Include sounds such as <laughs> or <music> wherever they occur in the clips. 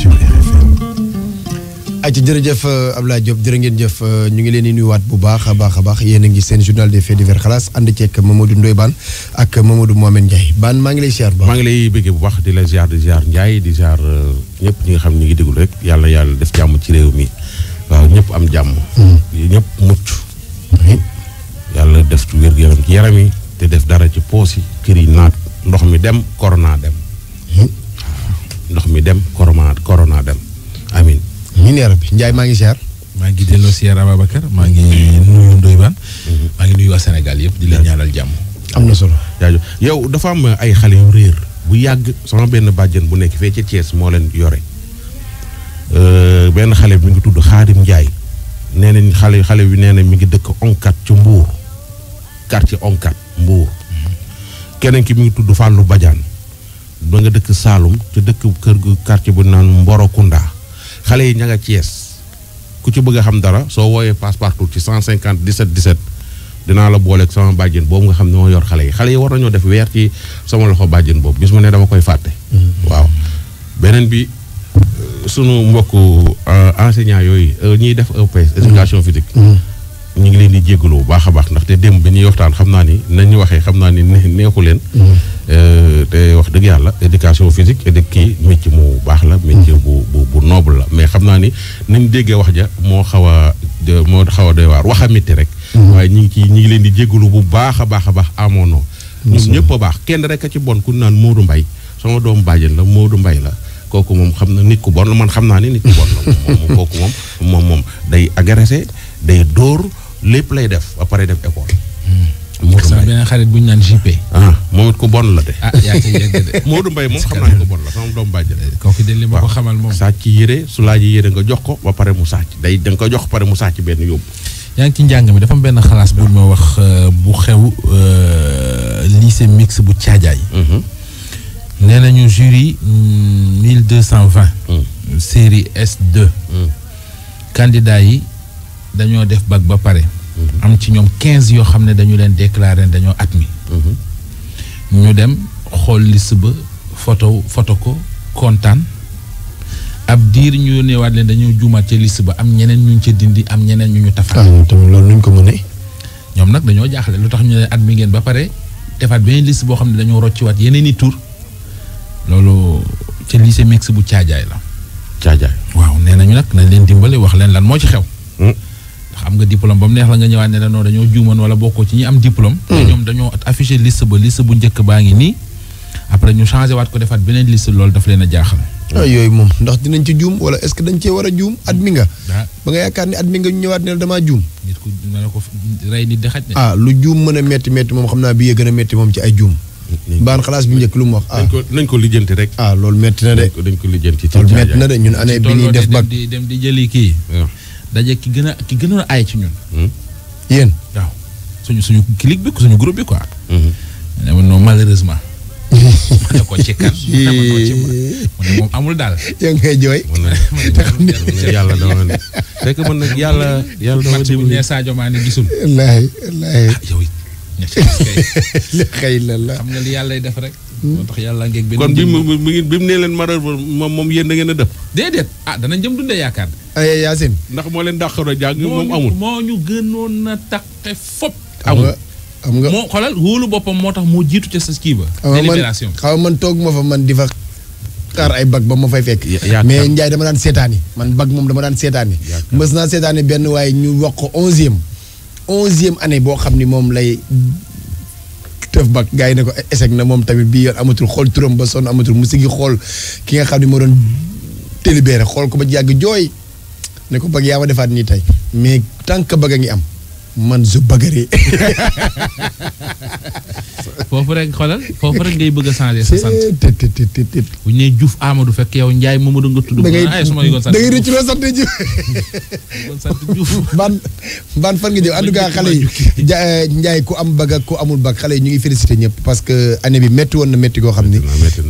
sur RFM. ayca jërëjëf euh, Abdoulaye Diop jërë ngeen jëf euh, ñu ngi leen di nuyuwaat bu baax a baax a baax yéen a ngi seen journal des faits divers xalaas ànd ceeg Mamadou Ndoye Bane ak Mamadou Mohamed Ndiaye Bane maa ngi lay ziar bu maa ngi lay bëggee bu baax di la ziar di ziar Ndiaye di ziar euh, ñëpp ñu ngi xam ñu ngi déglu rek yàlla yàlla def jàmm ci réew mi waaw ñëpp am jàmm. Hmm. ñëpp mucc. Hmm. yàlla def ci wér-gu-yaram yaram yi te def dara ci poos yi kër yi naat ndox mi dem corona dem. ndox mi dem corona corona dem amin ñu neera bi Ndiaye maa ngi ziar. maa ngi delloo ziar Ababacar maa ngi nuyu Ndoye Bane mhm. maa ngi nuyu waa Sénégal yëpp di leen ñaanal jàmm. am na solo jaajëf yow dafa am uh, ay xale yu réer bu yàgg sama benn bàjjen bu nekk fee ca Thiès moo leen yore uh, benn xale bi mi ngi tudd Xaadim Ndiaye nee nañ xale xale bi nee nañ mi ngi dëkk Onkat ci Mbour quartier Onkat Mbour mhm. keneen ki mi ngi tudd fàllu Badiane ba dëkk Saalum ci dëkk kër gu quartier bu naan Mborokunda xale yi ña nga Thiès ku ci bëgg a xam dara soo wooyee passe-partout ci cent 150 17 17 dinaa la booleeg sama bàjjen boobu nga xam ne moo yor xale yi xale yi war nañoo def weer ci sama loxo bàjjen boobu gis ma ne dama koy fàtte. Mm-hmm. waaw beneen bi sunu mbokku euh, enseignant yooyu euh, ñiy def EPS. éducation mm-hmm. physique. Mm-hmm. ñu ngi leen di jégalu bu baax a baax ndaxte démb bi waxtaan xam naa ni nañu waxee xam naa ni neexu leen. Mm-hmm. Euh, te wax dëgg yàlla éducation physique et kii métier mu baax la. métier bu bu bu la mais xam naa ni nañ déggee wax ja moo xaw a moo xaw a doy waar wax métti rek. Mm-hmm. waaye ñu ngi ci ñu ngi leen di jégalu bu baax a baax a baax amoon na. ñoom ñëpp a baax kenn rek a ci bon ku naan Modou mbay sama doom bàjjen la Modou Mbaye la. kooku moom xam na nit ku bon man xam naa ni nit ku bon la moom moom moom day agressé day dóor lépp lay def ba pare dem école. Hmm. Modou Mbaye beneen xarit bu ñu naan JP. ah moom it ku bon la de. ah yaa ngi cay yegg <laughs> moom xam naa ne ku bon la sama doomu bàjjen. kooku de li ma ko xamal moom. sàcc yére su laaj yére nga jox ko ba pare mu sàcc day da nga ko jox pare mu sàcc benn yóbbu. yaa ngi ci njàng mi dafa am benn xalaas bu ma wax euh, bu xew euh, lycée mixte bu Thiadiaye. Mhm. nee nañu jury 1220. Hmm, hmm. série S2. candidat yi. dañoo def bac ba pare. am ci ñoom quinze yoo xam ne dañu leen déclaré dañoo admis. ñu dem xool liste ba photo photo ko kontaan ab diir ñu yónneewaat leen dañoo juumaat ca liste ba am ñeneen ñu ñu ca dindi am ñeneen ñu ñu tafaat. Ah, loolu ñu ko mënee. ñoom nag dañoo jaaxle lu tax ñu ne mi ngeen ba pare defaat beneen liste boo xam ne dañoo waat yeneen i tur loolu ca lycée Mex bu Caajaay la. Caajaay waaw nee nañu nag nañ leen dimbale wax leen lan moo ci xew. Hmm. xam nga diplôme ba mu neex la nga ñëwaat ne la non dañoo juumoon wala bokkoo ci ñi am diplôme. te hmm. ñoom dañoo affiché liste ba liste bu njëkk baa ngi nii après ñu changé waat ko defaat beneen liste loolu daf leen a jaaxal. yooyu moom ndax dinañ ci juum wala est-ce que dañ cee war a juum admis nga. Ah. ba nga yaakaar nga ñu ñëwaat ne la damaa juum. nit ko de ah lu juum mën a métti métti moom xam naa bi yee gën a métti moom ci ay juum. baan xalaas bi njëkk lu mu wax ah. ah nañ ko nañ ko lijjanti loolu métti na de. dañ ko dañ ko lijjanti ci loolu métti de ñun année bi ñuy def. bag dem di jëli kii. daje ki gën a ki gënoon ay ci ñun. Hmm? yéen waaw suñu suñu clique bi suñu groupe bi quoi. Hmm. ne ma non malheureusement. <laughs> ma ne ko ci kan ma ne ko ci ma ne moom amul daal. yaa ngi koy yàlla dama ne fekk man nag yàlla yàlla dama dimbali bu ñu Sadio Mané gisul. wallaahi na ah, <laughs> la xam nga li yàllay def rek. Hmm? moo tax yàlla ngeeg kon bi mu bi mu nee leen mareur moom moom yéen da ngeen a dëpp déedéet ah danañ jëm dundee yaakaar ay Yacine ndax moo leen dàqar a jàng moom amul moo ñu gënoon a taqe fop amul xam nga moo xoolal wóolu boppam moo tax moo jiitu ca sa kii ba délibération xaw man toog ma fa man di fa xaar ay bag ba ma fay fekk mais Ndiaye dama daan seetaani man bag moom dama daan seetaani mës naa seetaani benn waaye ñu wax ko onzième onzième année boo xam ni moom lay tëf bak gaa yi ne ko échec na moom tamit bii yoon amatul xool turam ba sonn amatul mu sigi xool ki nga xam ne moo doon délibéré xool ko ba jàgg jooy ne ko bëgg yaa ma defaat nii tey mais tant que bëgg ngi am man je bagarre. foofu rek xoolal foofu rek ngay bëgg a changer sa sant. bu ñu nee Diouf Amadou fekk yow Ndiaye Mamadou nga tudd. da ngay da ngay rëcc loo sant Diouf. <laughs> sant Diouf. ban ban fan nga jëm en xale yi <laughs> eh, Ndiaye ku am bag ku amul bag xale yi ñu ngi félicité ñëpp parce que bi métti woon na métti goo xam ni.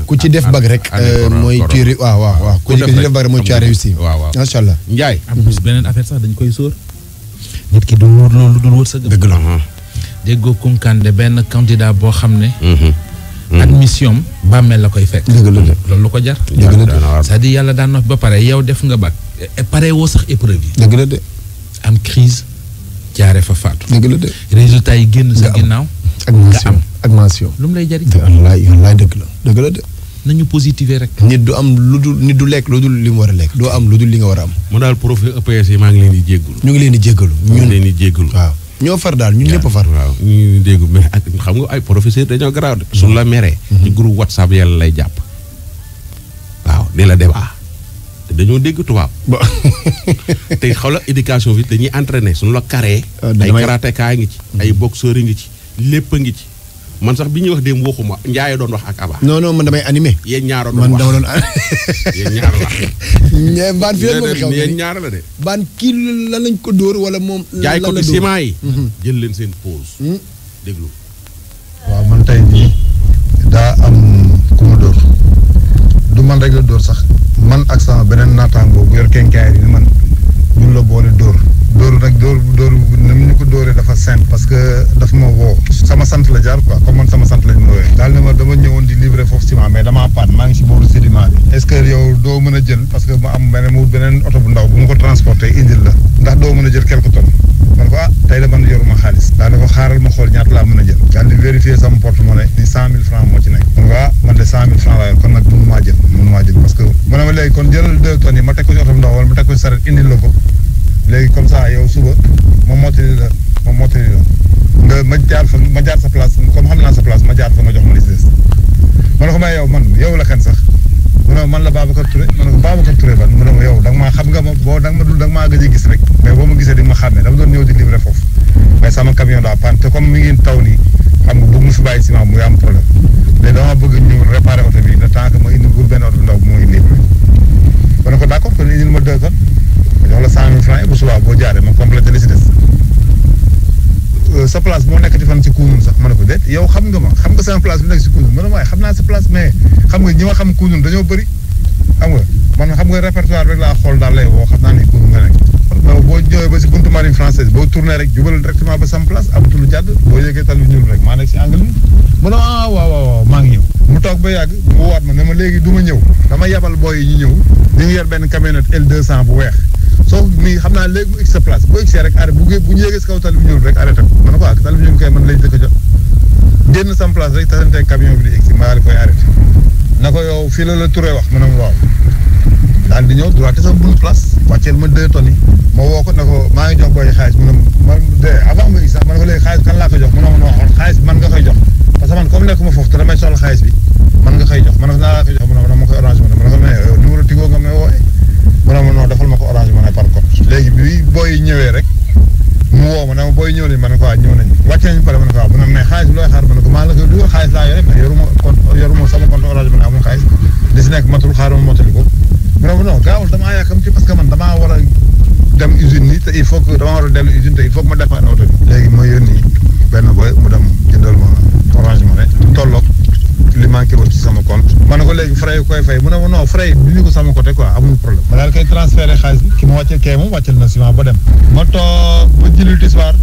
ku ci def bag rek. Euh, mooy tu waaw waaw waaw. ku ci def bag rek mooy tu as réussi. waaw waaw macha allah. Ndiaye. am beneen affaire sax dañ koy sóor. nit ki du wóor loolu dul wërsëg. dëgg la ah. déggoo Kunkande benn candidat boo xam ne. Mhm. Mhm. admission bàmmeel la koy fekk. dëgg la loolu lu ko jar. dëgg la c'est-à-dire yàlla daan na ba pare yow def nga bac. Eh, pare woo sax épreuve yi. dëgg la de. am crise jaare fa faatu. dëgg la de. résultat yi génn sa ginnaaw. ak mention ak mention. lu mu lay jariñ. wallaay wallaay dëgg la dëgg la de. nañu positiver rek. nit du am lu dul nit du lekk lu dul li mu war a lekk. doo am lu dul li nga war a am. moo daal prof EPS maa ngi leen di jéggalu. ñu ngi leen di jéggalu. ñu ngi leen di jéggalu ñoo far daal ñu ñëpp far. waaw ñu ngi dégg xam nga ay professeur dañoo garaaw de. suñu la meree. Mhm. ci groupe whatsapp yàlla lay jàpp. waaw di la débat te dañoo dégg tubaab. <laughs> te xaw la éducation bi dañuy entraîner suñu la carré. Ah, ay karatéka ngi ci. ay boxeur ngi ci lépp a ngi ci. man sax bi ñuy wax démb waxuma Ndiaye doon wax ak Aba. non non man damay anime yéen ñaaro doon wax man <laughs> ñaar la. baan fi leen moom xew la de. baan kii lan lañ ko dóor wala moom. jaay ko ciment yi. Mhm. jël leen seen pause. Hmm? déglu. waaw man tey nii daa am ku ma dóor du man rek la dóor sax man ak sama beneen naataango bu yor kenkaay yi man ñun la boole dóor. dóoru nag dóor dóor na mu ñu ko dóoree dafa simple parce que daf ma woo sama sant la jaar quoi comme man sama sant lañ ma a jël ko la ndax doo mën a ko ah, man yoruma xaalis daal ne ko xaaral man ko ah man de cent mille francs laa yor kon nag mënu maa jël mënu maa jël parce que ma ne ma léegi kon jëlal deux tonnes ma teg ko si oto bu ndaw wala ma teg ko si saret la ko léegi comme ça yow suba ma mottali la ma mottali la nga ma jaar fa ma jaar sa place comme xam naa sa place ma jaar fa ma jox ma li des ma ne ko may yow man yow la kan sax mu ne man la Babacar Touré ma ne ko Babacar Touré ban mu ne ma yow da nga maa xam nga ma boo da nga ma dul da nga maa gëj a gis rek mais boo ma gisee di nga ma xàmmee dama doon ñëw di livré foofu mais sama camion daa panne te comme mi ngi taw nii xam nga bëgg mu fi bàyyi ciment muy am problème mais dama bëgg ñu réparé oto bi le temps que ma indi benn oto bu ndaw bu muy livré ma ne ko d'accord kon indil ma deux tonnes jox la cent mille franc et bu subaa boo jaaree ma complété li si des euh, sa place moo nekk di fan si Kounoune sax ma ne ko déet yow xam nga ma xam nga sama place bi nekk si Kounoune ma ne waaye xam naa sa place mais nga ñi ma xam Kounoune dañoo bëri xam nga man xam nga répertoire rek laa xool daal lay woo xam naa ne Kounoune nga nekk. donc boo ñëwee ba si buntu marine française boo tourné rek jubal directement ba sam place ab tulu jàdd boo yëgee tal bi ñuul rek maa nekk si angle bi mu ne ah waaw waaw waaw maa ngi ñëw mu toog ba yàgg mu waat ma ne ma léegi du ma ñëw dama yabal booy yi ñu ñëw ñu ngi yor benn camionnette L200 bu weex soo nii xam naa léegi mu x place boo xee rek arrêté bu bu ñu yéegee si kaw tali bu rek ah arrêté ko man quoi tali bu ñuul koy man lay ma daal koy na ko yow fii la la Touré wax ma waaw ma deux tonnes yi ma woo ko ne ko maa ma de avant ma gis sax ma ne ko léegi xaalis kan laa ko jox mu ne ma waxoon xaalis man nga koy comme nekkuma man nga ma koy orange mu ne ma ne euh, nga may woowee mu ne ma non defal ma ko orange ma ne par contre léegi bi booy ñëwee rek mu woo ma ne ma booy ñëw nañ ma ne ko waa ñëw nañ wàcce nañ pare ma ne ko waa bu ne mais xaalis looy xaar ma xaalis laa yore mais yoruma compte orange ma ne amul xaalis li matul xaaral ma motali ko mu ne gaawul damaa yàkkamti parce que man damaa war a dem usine nii te il faut que damaa war a dellu usine te il faut que ma defar oto bi léegi ma yónni léegi frais yi koy fay mu ne ma non frais yi dindi ko sama côté quoi amul problème ma daal koy transféré xaalis bi ki ma wàccee kee moom wàcceel na ciment ba dem ma toog ba jëli tisbaar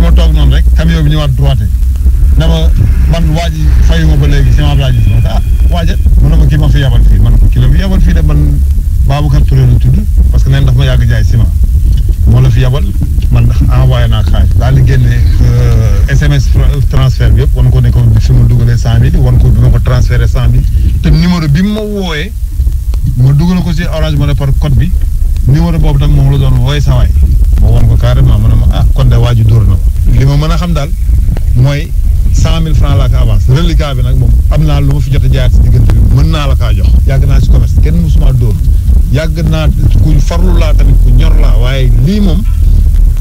ma toog noonu rek camion man waa ji fayu ba léegi ciment bi laa gis ma ah waaja mu ne ma kii ma fi yabal fii man ki kii la fi yabal fii de man Babacar Touré la tudd parce que neen daf ma yàgg jaay ciment moo la fi yabal man envoyé naa xaalis daal di génne SMS euh, transfert bi yëpp wan ko ne ko fi ma dugalee cent mille wan ko bi ma ko transféré cent mille te numéro bi mu ma wooyee ma dugal ko si Orange Money par code bi numéro boobu tam moom la doon wooyee sa waay ma wan ko carrément ma ne ma ah kon de waa ji dóor na ma li ma mën a xam daal mooy cent mille franc laa ko avance reliquat bi nag moom am naa lu ma fi jot a jaar si diggante bi mën naa yàgg naa ku farlu laa tamit ku ñor laa waaye lii moom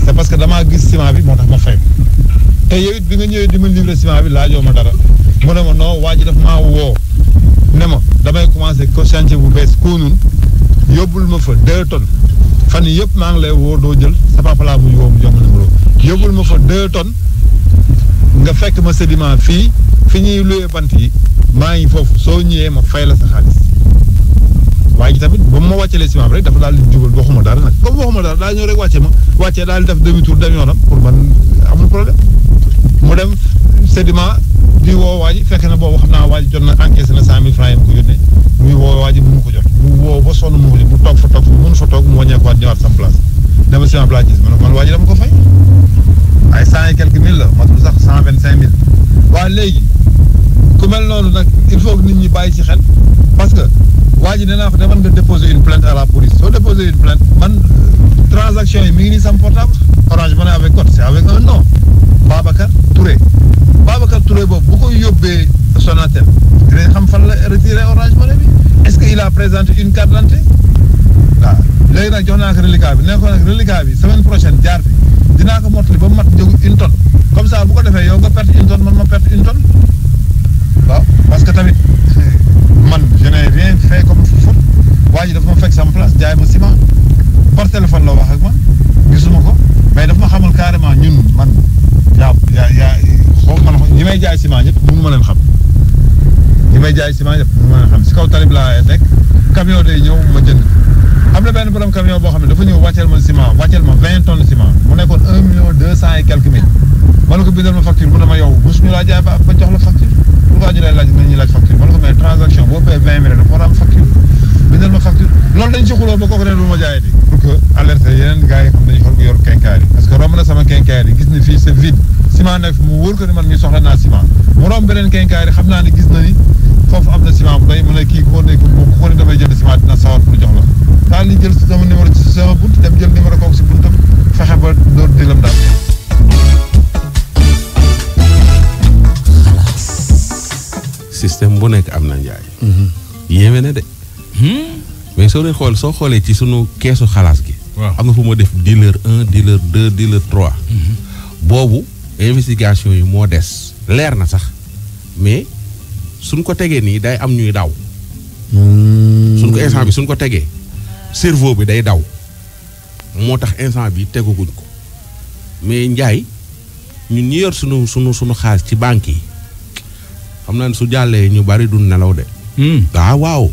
c'est parce que damaa gis ciment bi moo tax ma fay te yow bi nga ñëwee di ma livrer ciment bi laajoo ma dara mu ne ma non waa ji daf maa woo ne ma damay commencé ko chantier bu bees Kounoune yóbbul ma fa deux tonnes fan yii yëpp maa ngi lay woo doo jël sa papa laa muy woo mu jox ma yóbbul ma fa deux tonnes nga fekk ma sédiment fii fi ñuy luwee bant yi maa ngi foofu soo ñëwee ma fay la sa xaalis. waaye ji tamit ba mu ma wàccelee ciment bi rek dafa daal di jubal waxuma dara nag comme waxuma dara daal ñëw rek wàcce ma wàccee daal def demi tour dem yoonam pour man amul problème mu dem sédiment di woo waa ji fekk na boobu xam naa waa ji jot na encaissé na cent mille francs yi mu ko yónnee muy woo waa ji bu mu ko jot bu woo ba sonn mu bu toog fa toog bu mënu fa toog mu wàññeekuwaat ñëwaat sama place dama ciment place gis ma ne man waa ji dama ko fay ay cent et quelques mille la matul sax cent vingt cinq mille waaye léegi ku mel noonu nag il faut que nit ñi bàyyi ci xel parce que waa ji nee naa ko demal nga déposer une plainte à la police soo déposer une plainte man euh, transaction yi mi ngi nii sam portable orange ma ne avec code c'est avec un nom Babacar Touré Babacar Touré boobu bu ko yóbbee Sonatel dinañ xam fan la retiré orange ma bi est-ce que il a présenté une carte d'identité waaw léegi nag jox naa ko reliquat bi nee ko bi semaine prochaine jaar fi dinaa ko mottali ba mu mat jógu une tonne comme ça bu ko defee yow nga perte une tonne man ma perte une tonne waaw parce que tamit <laughs> man je n'ai rien fait comme foot waa ji daf ma fekk sama place jaay ma ciment par téléphone la wax ak man gisuma ko mais daf ma xamal carrément ñun man yaa yaa yaa xaw ma jaay ciment ñëpp mënu ma leen xam ñi may jaay ciment ñëpp mënu ma leen xam si kaw talib laa nekk camion day ñëw ma jënd am na benn borom camion boo xam ne dafa ñëw wàcceel ma ciment wàcceel ma vingt tonnes ciment mu nekkoon un million deux cent et quelques mille ma ne ko bindal ma facture mu ne ma yow mosuñu laa jaay ba ba jox la facture pourquoi ñu lay laaj nañuy laaj facture man ko mais transaction boo payee vingt mille dafa war a am facture bindal ma facture loolu dañ ci xuloo ba kooku ne du ma jaayati pour que alerter yeneen gars yi xam dañu xool ko yor kenkaar yi parce que romb na sama kenkaar yi gis ne fii c'est vide ciment nekk mu wóor ko ni man mi soxla naa ciment mu romb beneen kenkaar yi xam naa ne gis na ni foofu am na ciment bu doy mu ne kii ko ne ko ne damay jënd ciment dina sawar pour jox la daal di jël sama numéro ci sama bunt dem jël numéro kooku si buntam fexe ba door dilam daal système bu nekk am na njaay. yéeme na de. mais soo dee xool soo xoolee ci suñu keesu xalaas gi. am na fu ma def dealer un dealer deux dealer trois. boobu investigation yi moo des. leer na sax mais suñ ko tegee nii day am ñuy daw. suñ ko instant bi suñ ko tegee cerveau bi day daw moo tax instant bi teguguñ ko mais njaay ñun ñi yor suñu sunu sunu xaalis ci banque yi. xam na su jàllee ñu bari du nelaw de. Hmm. ah waaw.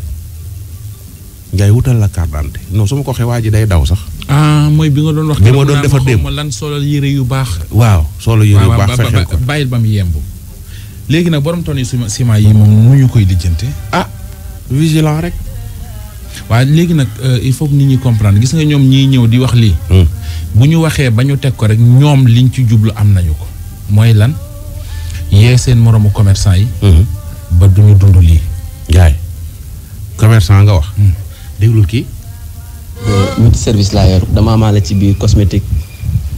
ngay wutal la carte d'identité su ma ko waxee waa ji day daw sax. ah mooy bi nga doon wax. bi ma doon defar démb lan solo yére yu baax. waaw solo yére yu baax fexeel ko bàyyil ba mu yemb. léegi nag borom ton yi ciment yi moom mu ñu koy dijjante ah vigilant rek. waaw léegi nag euh, il faut nit ñi comprendre gis nga ñoom ñiy ñëw di wax lii. Hmm. bu ñu waxee ba ñu teg ko rek ñoom liñ ci jublu am nañu ko. mooy lan yee seen moroomu commerçant yi. Mhm. ba du ñu dund lii. jaay commerçant nga wax. Hmm. déglu kii. Euh, service laa yor dama amaale ci biir cosmétique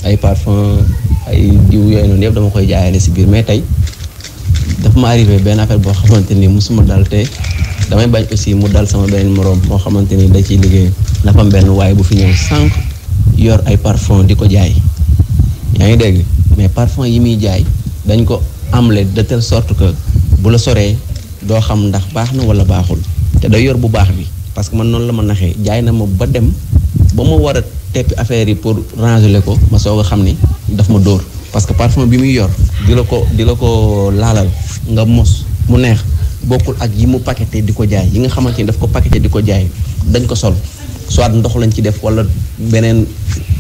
ay parfum ay diw yooyu noonu yëpp dama koy jaayale si biir mais tey dafa ma arrivé benn affaire boo xamante ni musuma dal te damay bañ aussi mu dal sama benn moroom moo xamante ni da ciy liggéey dafa am benn waaye bu fi ñëw sànq yor ay parfum di ko jaay yaa ngi dégg mais parfum yi muy jaay dañ ko amle de telle sorte que bu la soree doo xam ndax baax na wala baaxul te day yor bu baax bi parce que man noonu la ma naxee jaay na ma ba dem ba ma war a teppi affaire yi pour ranger ko ma soog a xam ni daf ma dóor parce que parfum bi muy yor di la ko di la ko laalal nga mos mu neex bokkul ak yi mu paqueté di ko jaay yi nga xamante ni daf ko paqueté di ko jaay dañ ko sol soit ndox lañ ci def wala beneen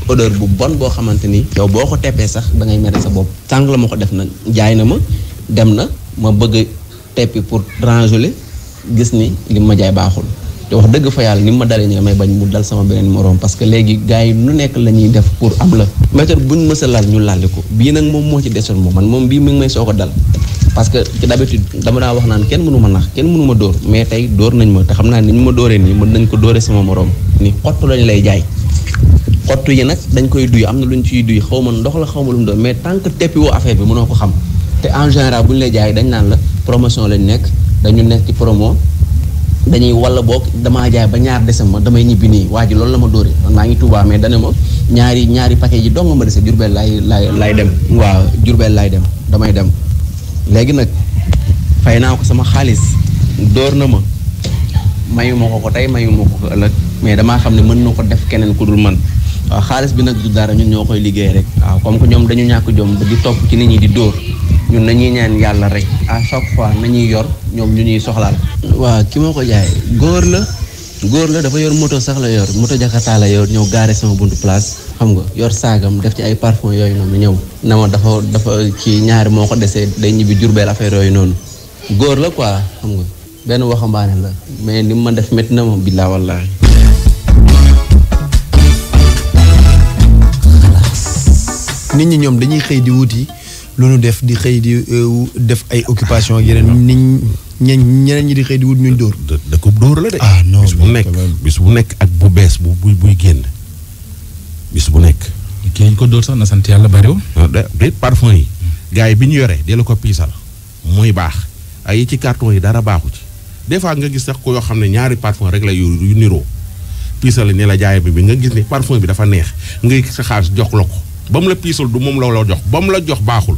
odeur bu bon boo xamante ni yow boo ko teppee sax da ngay mere sa bopp sàng la ma ko def na jaay na ma dem na ma bëgg teppi pour rangeler gis ni li ma jaay baaxul te wax dëgg fa yàlla ni ma dalee ni damay bañ mu dal sama beneen moroom parce que léegi gars yi nu nekk la ñuy def pour am la méthode buñ mës a laal ñu lalli ko bii nag moom moo ci desoon moom man moom bii mi ngi may soo ko dal parce que ci d'habitude dama daa wax naan kenn mënu ma nax kenn mënu ma dóor mais tey dóor nañ ma te xam naa ni ñu ma dóoree nii mën nañ ko dóore sama moroom ni xottu lañ lay jaay xottu yi nag dañ koy duy am na lu ñu ciy duy xaw ma ndox la xaw ma lu mu doon mais tant que teppi woo affaire bi mënoo ko xam te en bu ñu lay jaay dañ naan la promotion lañ nekk dañu nekk ci promo dañuy walla boog damaa jaay ba ñaar dese ma damay ñibbi nii waa ji loolu la ma dóoree maa ngi Tuubaa mais dane ma ñaari ñaari paquet yi dong dese Jurbel laay laay laay dem waaw Jurbel laay dem damay dem léegi nag fay naa ko sama xaalis dóor na ma mayuma ko ko tey mayuma ko ko ëllëg mais damaa xam ne mën na ko def keneen ku dul man waa xaalis bi nag du dara ñun ñoo koy liggéey rek waaw comme que ñoom dañu ñàkk jom di topp ci nit ñi di dóor ñun nañuy ñaan yàlla rek a chaque fois nañuy yor ñoom ñu ñuy soxlaal waaw ki ma ko jaay góor la góor la dafa yor moto sax la yor moto jakarta la yor ñëw gaare sama bunt place xam nga yor saagam def ci ay parfum yooyu noonu ñëw na ma dafa dafa ci ñaari moo ko desee day ñibbi Jurbel affaire yooyu noonu góor la quoi xam nga benn waxambaane la mais ni ma def métti na ma billaa wallaahi nit ñi ñoom dañuy xëy di wuti lu nu def di xëy di euh, def ay occupation yeneen nit ñi ñeneen ñi di xëy di wut ñu dóor. da ko dóor la de. Ah, bis bu nekk bis bu nekk ak bu bees bu buy buy génn. bis bu nekk. kii ñu ko dóor sax na sant yàlla bariwul. Ah, de parfum yi. Hmm. gars yi bi ñu yoree de la ko piisal mooy baax ay ci carton yi dara baaxu ci des fois nga gis sax ko yoo xam ne ñaari parfum rek la yu yu niroo piisal ni la jaay bi bi nga gis ne parfum bi dafa neex nga gis sa xaalis jox la ko ba mu la piisal du moom la la jox ba mu la jox baaxul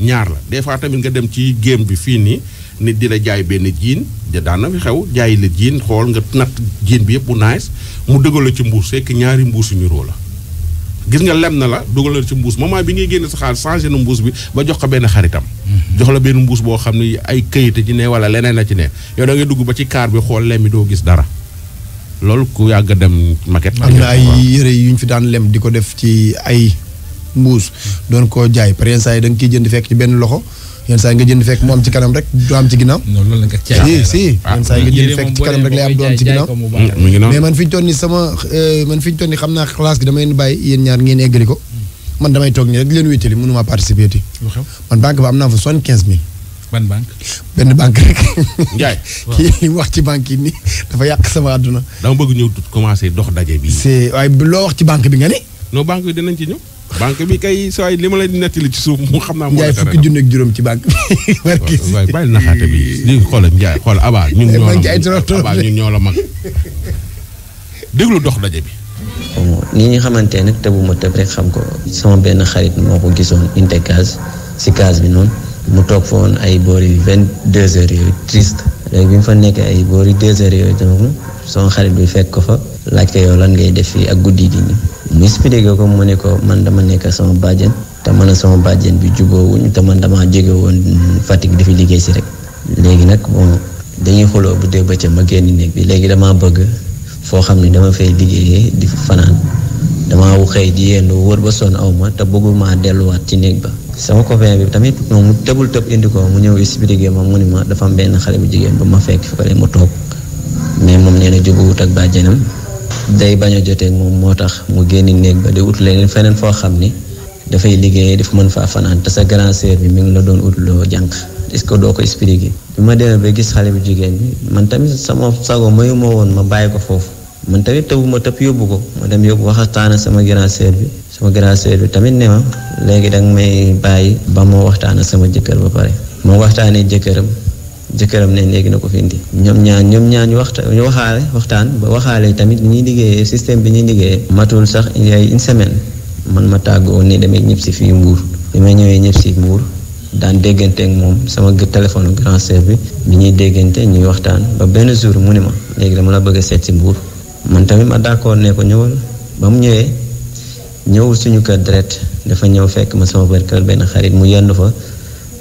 ñaar la des fois tamit nga dem ci game bi fii nii. nit di la jaay benn jiin da daana xew jaay la jiin xool nga natt jiin bi yëpp bu nice mu dëgal la ci mbuus fekk ñaari mbuusu ñuroo la gis nga lem na la dugalal ci mbuus moment bi ngay génne sa xaalis changé na mbuus bi ba jox ko benn xaritam mhm. jox la benn mbuus boo xam ne ay këyit ci ne wala leneen la ci ne yow da dugg ba ci kaar bi xool lem bi doo gis dara loolu ku yàgg dem maquette am na ay yëre yu ñu fi daan lem di ko def ci ay mbuus mm. doon koo jaay par saay da nga kiy jënd fekk ci benn loxo yenn saa yi nga jënd fekk moom am ci kanam rek du am ci ginnaaw. non loolu la nga ci si si yenn saa yi nga ah. jënd fekk ci kanam rek lay am du am ci ginnaaw. Mm, mais man fi ñu toll nii sama euh, man fi ñu toll nii xam naa classe gi damay bàyyi yéen ñaar ngeen eggali ko. Mm. man damay toog nii rek leen wétali mënuma participer man banque ba am naa fa soixante quinze mille. ban banque. benn banque rek. <laughs> kii li wax ci banque yi nii dafa yàq sama àdduna. dama bëgg ñëw commencé dox daje bi. c'est waaye loo wax ci banque bi nga ne. non banque bi dinañ ci ñëw. banque bi kay saa li ma lay nettali ci suuf mu xam naa. moo la dara fukki junne ak juróom ci banque bi. <laughs> barki waay bàyyi bi lii xoolal Ndiaye xool Aba ñun ñoo la Aba ñun ñoo la mag déglu dox daje bi. ni ñu xamante nag te bu ma tëb rek xam ko sama benn xarit moo ko gisoon Intécase si case bi noonu mu toog fa ay boori vingt deux heures yooyu triste léegi bi mu fa nekkee ay boori deux heures yooyu tamit sama xarit bi fekk ko fa. laajte yow lan ngay def fii ak guddi gi ñu expliqué ko mu ne ko man dama nekk sama bàjjen te man sama bàjjen bi jubóowuñ te man dama jege woon Fatick di fi liggéey si rek léegi nag moom dañuy xuloo bu dee bëccëg ma génn néeg bi léegi damaa bëgg foo xam ne dama fay liggéeyee di fanaan damaa xëy di yendu wër ba sonn aw ma te maa delluwaat ci néeg ba sama copain bi tamit moom mu tëbul tëb indi ko mu ñëw expliqué ma mu ni ma dafa am benn xale bu jigéen ba ma fekk fi ko ma mais moom nee na jubóowut bàjjenam day bañ a joteeg moom moo tax mu génn néeg ba di ut leneen feneen foo xam ne dafay liggéeye dafa man faa fanaan te sa grand sœur bi mi ngi la doon ut loo jànq est-ce que doo ko expliquer. ma demee ba gis xale bu jigéen bi man tamit sama sago mayuma woon ma bàyyi ko foofu man tamit tëbu ma tëb yóbbu ko ma dem yóbbu waxtaan ak sama grand sœur bi sama grand sœur tamit ne ma léegi danga may bàyyi ba ma waxtaan ak sama jëkkër ba pare moo waxtaanee jëkkëram. jëkkëram ne léegi na ko fi indi ñoom ñaar ñoom ñaar ñu waxta ñu waxaale waxtaan ba waxaale tamit ñuy liggéeyee système bi ñuy liggéeye matul sax yaay une semaine man ma tàggoo ne damay ñëpp si fii mbuur bi may ñëwee ñëpp si mbuur daan déggante moom sama téléphone grand sœur bi bi ñuy déggante ñuy waxtaan benn jour mu léegi dama la bëgg a mbuur man tamit ma d'accord ne ko ñëwal ba mu ñëwee ñëwul suñu kër direct dafa ñëw fekk ma sama bër kër benn xarit mu yendu fa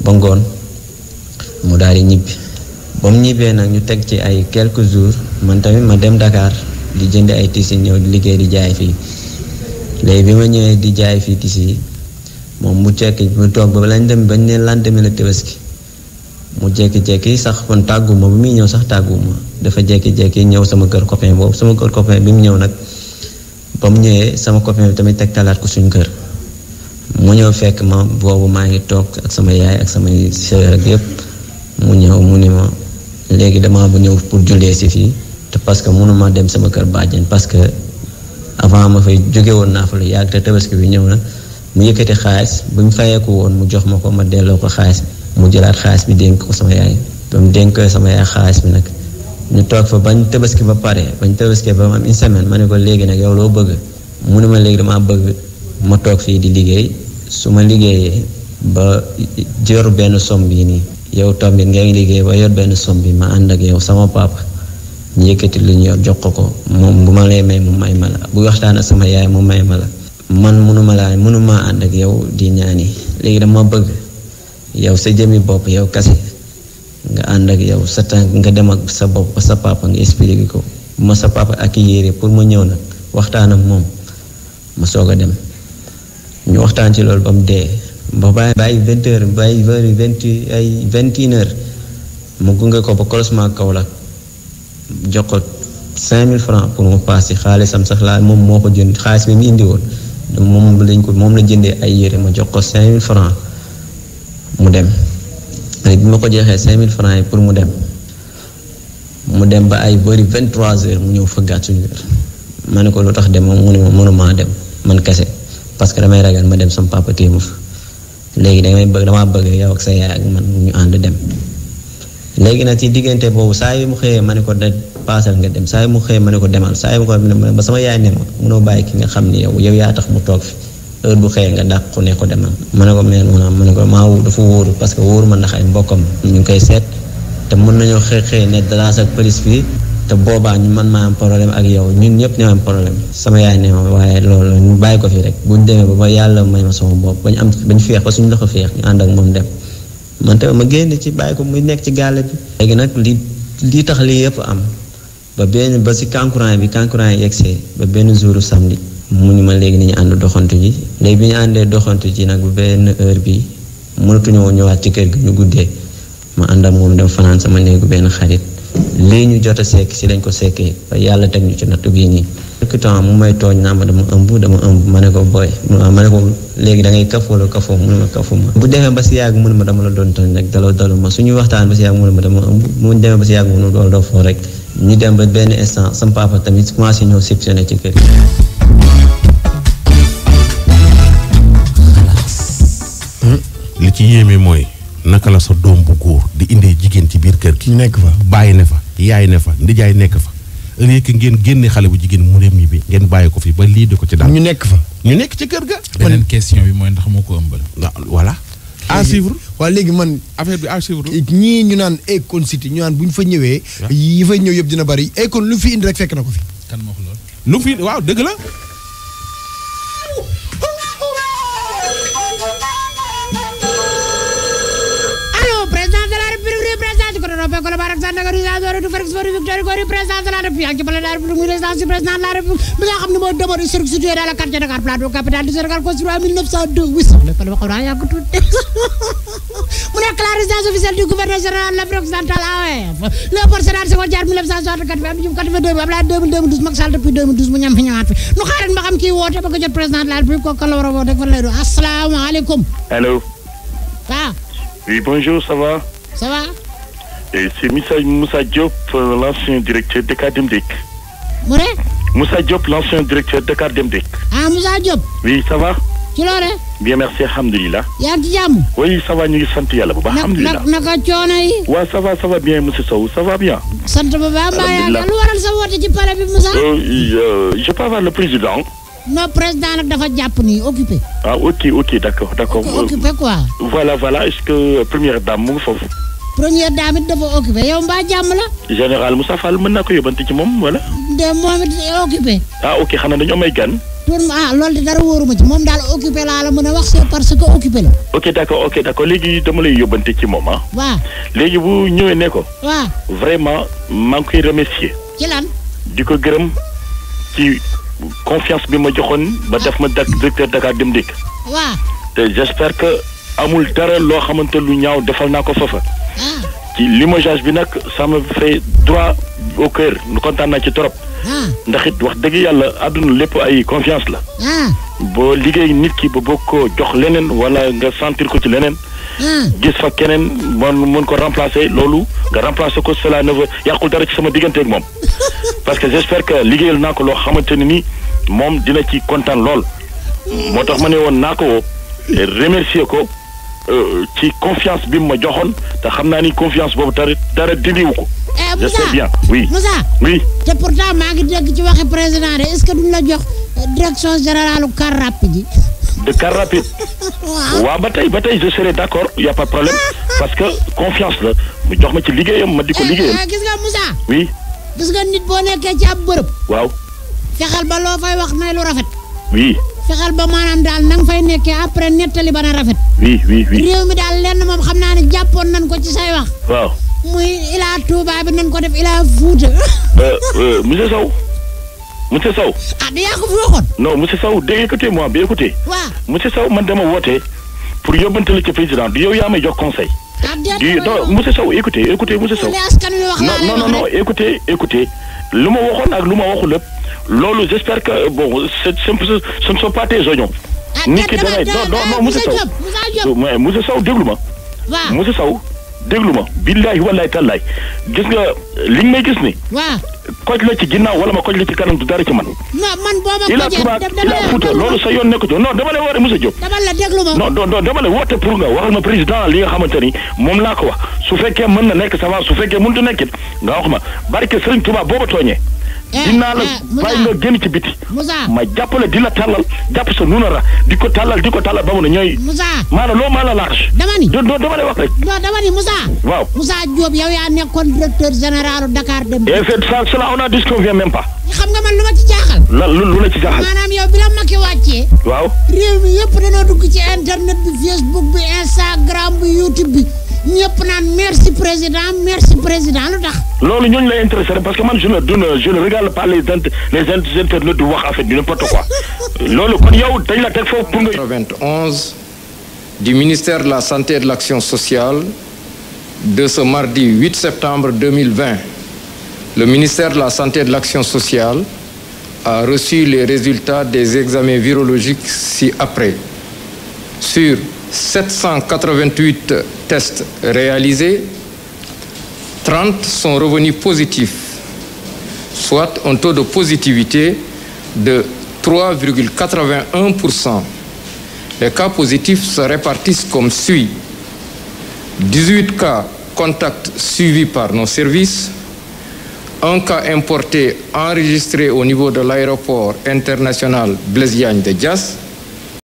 ba ngoon mu daal di ñibbi ba mu ñibbee nag ñu teg ci ay quelques jours man tamit ma dem Dakar di jënd ay tissus ñëw liggéey di jaay fii léegi bi ma ñëwee di jaay fii tissus moom mu jekki mu toog ba lañ dem bañ ne lendemain la Tabaski mu jékki-jékki sax kon tàgguma bu muy ñëw sax tàgguma dafa jékki-jékki ñëw sama kër copain boobu sama kër copain bi mu ñëw nag ba mu ñëwee sama copain tamit teg talaat ko suñu kër mu ñëw fekk ma boobu maa ngi toog ak sama yaay ak samay sœur ak yépp mu ñëw mu ni ma léegi damaa bu ñëw pour jullee si fii te parce que mënuma dem sama kër bàjjen parce que avant ma fay jóge woon naa fa lu yàgg te bi ñëw na mu yëkkati xaalis bu ñu fayeeku woon mu jox ma ko ma delloo ko xaalis mu jëlaat xaalis bi dénk ko sama yaay ba mu sama xaalis bi nag ñu toog fa bañ tabaski ba pare bañ tabaski ba am une ma ne ko léegi nag yow bëgg mu ma léegi damaa bëgg ma toog fii di liggéey su ma liggéeyee ba jor benn somme bi nii yow tamit ngay liggéey ba yor benn somme bi ma ànd ak yow sama papa ñu yëkkati li ñu yor jox ko ko moom bu ma lay may mu may ma la bu waxtaan ak sama yaay mu may ma la man mënuma laa mënuma ànd ak yow di ñaani léegi dama bëgg yow sa jëmmi bopp yow kase nga ànd ak yow sa tànk nga dem ak sa bopp sa papa nga expliqué ko ma sa papa ak yére pour ma ñëw nag waxtaan ak moom ma soog a dem ñu waxtaan ci loolu ba mu dee ba bàyyi bàyyi vingt heures bàyyi vers vingt ay vingt une heures mu gunge ko ba croisement kaw la jox ko cinq mille francs pour mu paas ci xaalisam sax laa moom moo ko jënd xaalis bi mu indi moom lañ ko moom la jëndee ay yére ma jox ko cinq mille francs mu dem bi ma ko jeexee cinq mille francs yi pour mu dem mu dem ba ay bëri vingt trois heures mu ñëw fëggaat suñu wér ma ne ko lu tax dem mu ne ma dem man kese parce que damay ragal ma dem sama papa téye ma fa léegi damay bëgg damaa bëgg yow ak sa yaay ak man ñu ànd dem léegi nag ci diggante boobu saa yu mu xëyee ma ne ko da paasal nga dem saa yu mu xëyee ma ne ko demal saa yu mu ko ba sama yaay ne ma munoo bàyyi ki nga xam ne yow yaa tax mu toog fi heure bu xëyee nga dàq ko ne ko demal ma ne ko meen ma ne ko maa dafa wóoru parce que wóoru ma ndax ay mbokkam ñu ngi koy seet te mën nañoo xëy xëy ne dalaa ak pëlis fii te boobaa ñu man maa am problème ak yow ñun ñëpp ñoo am problème sama yaay ne waaye loolu ñu bàyyi ko fi rek bu ñu demee ba yàlla may ma sama bopp ba am ba ñu féex suñu loxo féex ànd ak moom dem man ma génn ci bàyyi muy nekk ci gàlle léegi nag li li tax lii yëpp am ba benn ba si kankurang bi kankurang yi yegsee ba benn jouru samedi mu ñu ma léegi nañu ànd doxantu ji léegi bi ñu àndee doxantu ji nag bu benn heure bi mënatuñoo ñëwaat ci kër gi ñu guddee ma ànd ak moom dem fanaan sama néegu benn xarit. lii ñu jot a sekk si lañ ko sekkee ba yàlla teg ñu ci nattu gii nii. quelque temps mu may tooñ naa ma dama ëmb dama ëmb ma ne ko booy ma ne ko léegi da ngay kaf wala kafoo mu ma bu demee ba si yàgg mu ma dama la doon tooñ rek dalaw dalu ma suñu waxtaan ba si yàgg mu ne ma dama ëmb mu demee ba si yàgg mu ne doo foo rek ñu dem ba benn instant sama papa tamit commencé ñëw sectionné ci kër hmm? li ci yéeme mooy. naka la sa doom bu góor di indee jigéen ci biir kër gi. nekk fa bàyyi ne fa yaay ne fa ndijaay nekk fa. léegi ngeen génne xale bu jigéen mu réem yi bi ngeen bàyyi ko fi ba lii di ko ci daal. ñu nekk fa ñu nekk ci kër ga. beneen question bi mooy ndax moo ko ëmbal. Ah, voilà. à suivre waaw léegi man affaire bi à suivre. ñii ñu naan Akon City ñu naan bu ñu fa ñëwee. Ah. yi fa ñëw yëpp dina bari Akon lu fi indi rek fekk na ko fi. kan moo ko lu fi waaw dëgg la. Sopé Colobane ak Sandaga du saa zone du Fatick Sports Victoire Gorée président de la République ak ci palais de la République muy résidence du président de la République bi nga xam ne moo demoon situé dans le quartier Dakar Plateau capitale du Sénégal construit en 1902 mu nekk la résidence officielle du gouverneur général de l'Afrique occidentale AOF Léopold Sédar Senghor Diatta 1964 bi Abdou Diouf 82 Abdoulaye 2000 2012 Macky Sall depuis 2012 mu ñam fi ñëwaat fi nu xaaral ma xam kii woote ba ko jot président de la République kooku kan la war a woote fan lay doon asalaamaaleykum. allo. waaw. Ah. oui bonjour ça va. ça va. c'est Moussa, Moussa euh, l'ancien directeur de Kademdek. Moussa Diop, l'ancien directeur de Kademdek. Ah, Moussa Diop Oui, ça va ci loore bien merci alhamdulilah yaa ci jàmm oui ça va ñu ngi sant yàlla bu baax alhamdulilah naka coono yi waaw ça va ça va bien monsieur Sow ça bien sant bu baax mbaa waral sa woote ci palais bi Moussa euh, euh, je peux avoir le président non président nag dafa jàpp ni occupé ah ok ok d'accord d'accord occupé quoi voilà voilà est-ce que première dame foofu première dame it dafa occupé yow mbaa jàmm la. général Moussa Fall mën na ko yóbbante ci moom wala. de moom it occupé. ah ok xanaa dañu am gan. pour ah loolu de dara wóoruma ci moom daal occupé laa la mën a wax c'est parce que occupé la. ok d'accord ok d'accord léegi dama lay yóbbante ci moom ah. waaw léegi bu ñëwee ne ko. waaw vraiment man ngi koy remercier. ci lan. di ko gërëm ci confiance bi ma joxoon ba def ma dak directeur Dakar Dem Dikk. waaw te j'espère que. amul dara loo xamante lu ñaaw defal naa ko foofa ci limogeage bi nag sama me fait droit au cœur nu kontaan naa ci trop ndax it wax dëgg yàlla àdduna lépp ay confiance la boo liggéey nit ki ba bokk ko jox leneen wala nga sentir ko ci leneen gis fa keneen man mën ko remplacer loolu nga remplacer ko cela ne veut yàqul dara ci sama diggante ak moom <laughs> parce que j'espère que liggéeyal naa ko loo xamante ne ni moom dina ci kontaan lool moo tax ma ne woon naa ko woo ko Euh, ci confiance bi mu ma joxoon te xam naa ni confiance boobu dara dara dindiwu ko. Eh, je sais bien te pourtant maa ngi dégg ci waxi président de est-ce que duñ la jox euh, direction générale car de car rapide. <laughs> waaw ba tey ba tey je serai d'accord y a pas problème <laughs> parce que confiance la mu jox ma ci liggéeyam ma di ko eh, liggéeyam. Eh, gis nga Moussa. oui. gis nga nit boo nekkee ci bërëb. waaw. fexeel ba loo fay wax nay lu rafet. oui. fexeel ba maanaam daal na nga fay nekkee après nettali ba na rafet. oui oui oui réew mi daal lenn moom xam naa ne jàppoon nañ ko ci say wax. waaw muy ilaa Touba bi nañ ko def ilaa Fouta. Euh, euh, monsieur Sow. monsieur Sow. ah di yaa ko fi waxoon. non monsieur Sow de écoutez moi bi écoutez. waaw monsieur Sow man dama woote pour yóbbantali ci président du yow yaa may jox conseil. Ah, di non monsieur Sow écoutez écoutez monsieur Sow. non non non écoutez lu ma waxoon ak lu ma waxul lépp. loolu j'espère que bon ce ce ne sont pas tes oignons. nit ki damay non non non monsieur Sow mais monsieur Sow déglu ma. déglu ma. billahi wallahi tallahi gis nga li ñu may gis ni waaw koj la ci ginnaaw wala ma koj la ci kanam du dara ci man. non man boo ma kojee dama loolu sa yoon nekkul non dama la woote monsieur Diop. dama la déglu ma non non dama la woote pour nga waxal ma président li nga xamante ni moom laa ko wax su fekkee mën na nekk ça va su fekkee mënut a nekk nga wax ma barke Serigne Touba booba tooñee. Eh, dinaa la eh, bàyyi nga génn ci biti ma jàppale di la tàllal jàpp sa nunara di ko tàllal di ko tàllal ba mu ne ñooy maanaam loo maa la large dama ni dama ne wax rek non dama ni Moussa waaw Moussa Diop yow yaa nekkoon directeur général Dakar Dem Dikk et ça cela on n'en xam nga man lu ma ci jaaxal. lan lu la ci jaaxal. maanaam yow bi la Macky wàccee. waaw réew mi yëpp dañoo dugg ci internet bi Facebook bi Instagram bi YouTube bi ñëpp naan merci président merci président lu tax. loolu ñooñu la intéressé parce que man je ne je ne regarde pas les inter les internautes di wax en fait du n'importe quoi <laughs> loolu kon yow dañ la teg foofu pour nga. du ministère de la santé et de l'action sociale de ce mardi 8 septembre Le ministère de la Santé et de l'Action sociale a reçu les résultats des examens virologiques ci-après. Sur 788 tests réalisés, 30 sont revenus positifs, soit un taux de positivité de 3,81%. Les cas positifs se répartissent comme suit. 18 cas contacts suivis par nos services, un cas importé enregistré au niveau de l'aéroport international Blaise Diagne de Diass